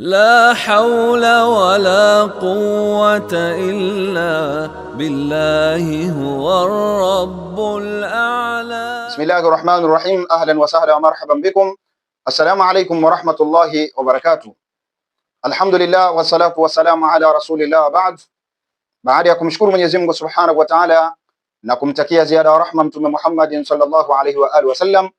لا حول ولا قوة إلا بالله هو الرب الأعلى بسم الله الرحمن الرحيم أهلا وسهلا ومرحبا بكم السلام عليكم ورحمة الله وبركاته الحمد لله والصلاة والسلام على رسول الله بعد بعد يكم شكر من يزمك سبحانه وتعالى نكم تكيا زيادة ورحمة محمد صلى الله عليه وآله وسلم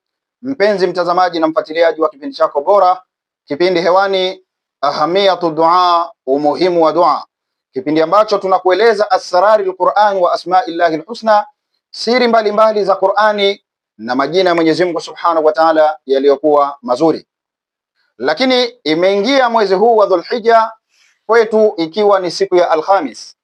mpenzi mtazamaji na mfuatiliaji wa kipindi chako bora kipindi hewani ahamiyatu dua, umuhimu wa dua, kipindi ambacho tunakueleza asrari alquran wa asmaillahi alhusna, siri mbalimbali mbali za Qurani na majina ya Mwenyezi Mungu subhanahu wa taala yaliyokuwa mazuri. Lakini imeingia mwezi huu wa Dhulhija kwetu ikiwa ni siku ya Alhamis,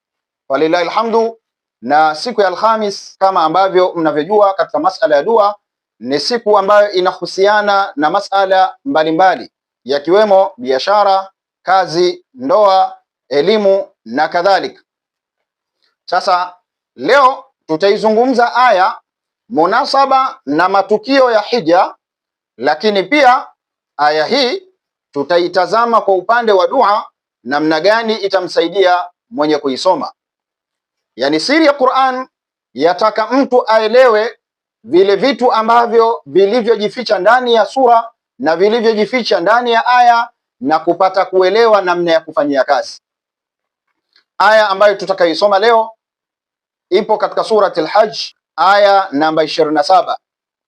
walilahi alhamdu. Na siku ya Alhamis kama ambavyo mnavyojua katika masala ya dua ni siku ambayo inahusiana na masala mbalimbali mbali yakiwemo biashara, kazi, ndoa, elimu na kadhalika. Sasa leo tutaizungumza aya, munasaba na matukio ya hija, lakini pia aya hii tutaitazama kwa upande wa dua, namna gani itamsaidia mwenye kuisoma. Yaani siri ya Qur'an yataka mtu aelewe vile vitu ambavyo vilivyojificha ndani ya sura na vilivyojificha ndani ya aya na kupata kuelewa namna ya kufanyia kazi. Aya ambayo tutakayoisoma leo ipo katika surati al-Hajj aya namba 27.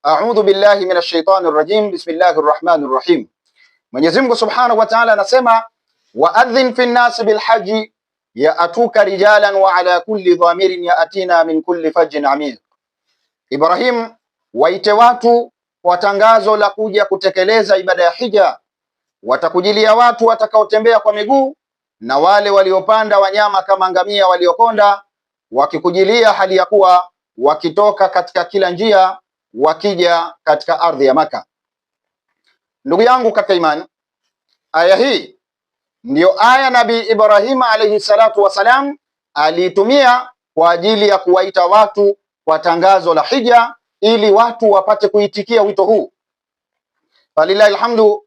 A'udhu billahi minash shaitani rrajim. Bismillahir rahmanir rahim. Mwenyezi Mungu Subhanahu wa Ta'ala anasema wa waadhin fi nnasi ya atuka rijalan wa ala kulli dhamirin ya atina min kulli fajjin amiq. Ibrahim, waite watu kwa tangazo la kuja kutekeleza ibada ya hija, watakujilia watu watakaotembea kwa miguu na wale waliopanda wanyama kama ngamia waliokonda, wakikujilia hali ya kuwa wakitoka katika kila njia wakija katika ardhi ya Maka. Ndugu yangu katika imani, aya hii ndiyo aya Nabii Ibrahima alaihi salatu wassalam aliitumia kwa ajili ya kuwaita watu kwa tangazo la hija ili watu wapate kuitikia wito huu. Walillahi alhamdu,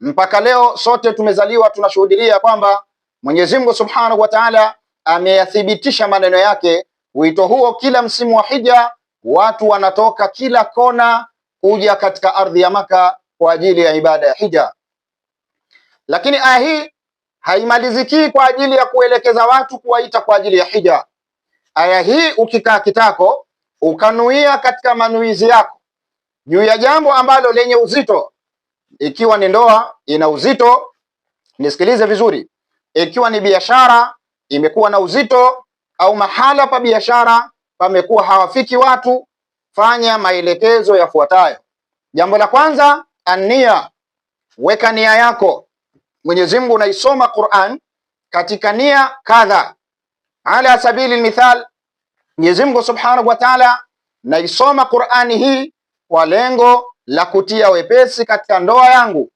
mpaka leo sote tumezaliwa tunashuhudia kwamba Mwenyezi Mungu Subhanahu wa Ta'ala ameyathibitisha maneno yake. Wito huo kila msimu wa hija watu wanatoka kila kona kuja katika ardhi ya Maka kwa ajili ya ibada ya hija, lakini aya hii haimalizikii kwa ajili ya kuelekeza watu kuwaita kwa ajili ya hija. Aya hii ukikaa kitako ukanuia katika manuizi yako juu ya jambo ambalo lenye uzito, ikiwa ni ndoa ina uzito, nisikilize vizuri, ikiwa ni biashara imekuwa na uzito, au mahala pa biashara pamekuwa hawafiki watu, fanya maelekezo yafuatayo. Jambo la kwanza, ania, weka nia yako. Mwenyezi Mungu unaisoma Qur'an katika nia kadha. Ala sabili mithal Mwenyezi Mungu Subhanahu wa Ta'ala, naisoma Qur'ani hii kwa lengo la kutia wepesi katika ndoa yangu.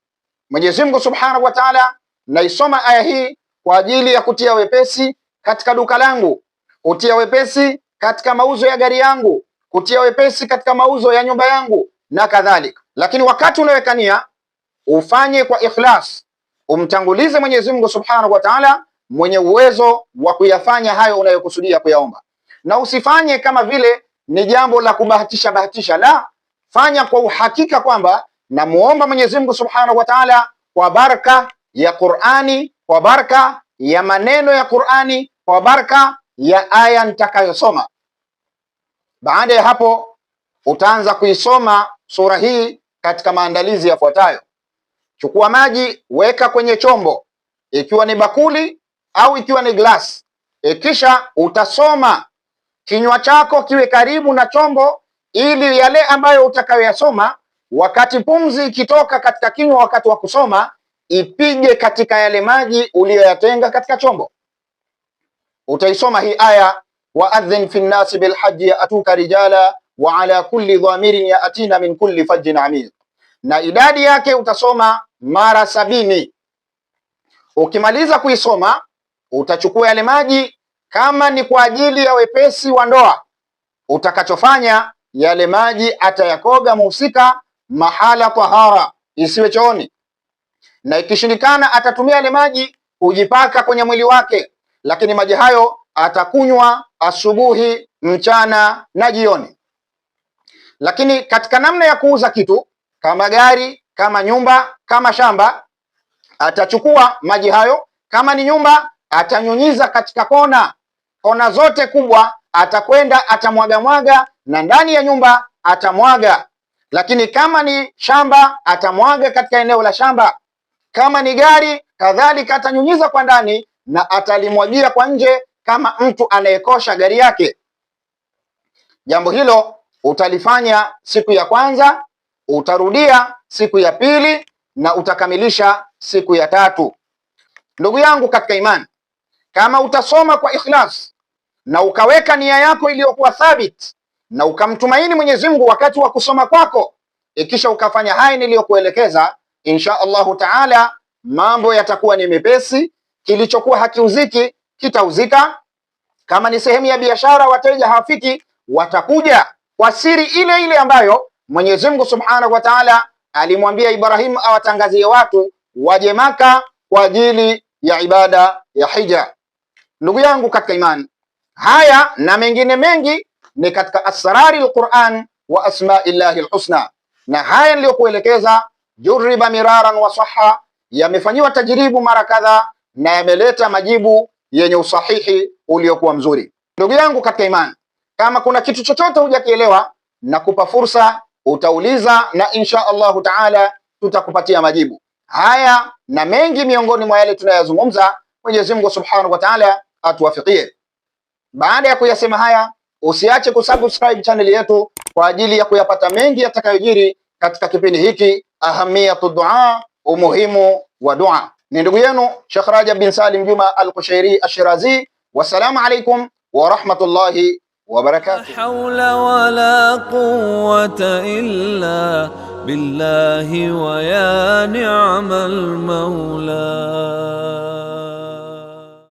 Mwenyezi Mungu Subhanahu wa Ta'ala, naisoma aya hii kwa ajili ya kutia wepesi katika duka langu, kutia wepesi katika mauzo ya gari yangu, kutia wepesi katika mauzo ya nyumba yangu na kadhalika. Lakini wakati unaweka nia ufanye kwa ikhlas, umtangulize Mwenyezi Mungu Subhanahu wa Ta'ala, mwenye uwezo wa kuyafanya hayo unayokusudia kuyaomba na usifanye kama vile ni jambo la kubahatisha bahatisha, la fanya kwa uhakika kwamba namuomba Mwenyezi Mungu Subhanahu wa Ta'ala kwa baraka ya Qur'ani, kwa baraka ya maneno ya Qur'ani, kwa baraka ya aya nitakayosoma. Baada ya hapo, utaanza kuisoma sura hii katika maandalizi yafuatayo: chukua maji, weka kwenye chombo, ikiwa ni bakuli au ikiwa ni glasi, e, kisha utasoma kinywa chako kiwe karibu na chombo, ili yale ambayo utakayoyasoma wakati pumzi ikitoka katika kinywa wakati wa kusoma ipige katika yale maji uliyoyatenga katika chombo. Utaisoma hii aya, waadhin fi nnasi bilhaji yatuka rijala wa ala kulli dhamirin yatina min kulli fajjin amiq, na idadi yake utasoma mara sabini. Ukimaliza kuisoma utachukua yale maji kama ni kwa ajili ya wepesi wa ndoa, utakachofanya yale maji atayakoga muhusika mahala tahara, isiwe chooni, na ikishindikana atatumia yale maji kujipaka kwenye mwili wake, lakini maji hayo atakunywa asubuhi, mchana na jioni. Lakini katika namna ya kuuza kitu kama gari, kama nyumba, kama shamba, atachukua maji hayo, kama ni nyumba atanyunyiza katika kona kona zote kubwa, atakwenda atamwaga mwaga na ndani ya nyumba atamwaga. Lakini kama ni shamba atamwaga katika eneo la shamba, kama ni gari kadhalika, atanyunyiza kwa ndani na atalimwagia kwa nje, kama mtu anayekosha gari yake. Jambo hilo utalifanya siku ya kwanza, utarudia siku ya pili na utakamilisha siku ya tatu. Ndugu yangu katika imani, kama utasoma kwa ikhlas na ukaweka nia yako iliyokuwa thabiti na ukamtumaini Mwenyezi Mungu wakati wa kusoma kwako, ikisha ukafanya haya niliyokuelekeza, insha Allahu taala mambo yatakuwa ni mepesi. Kilichokuwa hakiuziki kitauzika. Kama ni sehemu ya biashara, wateja hawafiki, watakuja kwa siri ile ile ambayo Mwenyezi Mungu subhanahu wa taala alimwambia Ibrahim awatangazie watu waje Maka kwa ajili ya ibada ya hija. Ndugu yangu katika imani Haya na mengine mengi ni katika asrari lquran wa asmaillahi lhusna, na haya niliyokuelekeza juriba miraran wa saha, yamefanyiwa tajribu mara kadhaa na yameleta majibu yenye usahihi uliokuwa mzuri. Ndugu yangu katika imani, kama kuna kitu chochote hujakielewa, nakupa fursa, utauliza na insha Allahu taala tutakupatia majibu haya na mengi miongoni mwa yale tunayazungumza. Mwenyezi Mungu subhanahu wa taala atuwafikie. Baada ya kuyasema haya, usiache kusubscribe channel yetu kwa ajili ya kuyapata mengi yatakayojiri katika kipindi hiki ahamiyatu dua, umuhimu wa dua. Ni ndugu yenu Sheikh Rajab bin Salim Juma Al-Kushairi Ashirazi. Wassalamu alaikum wa rahmatullahi wa barakatuh. Hawla la quwwata illa billahi wa ya ni'mal maula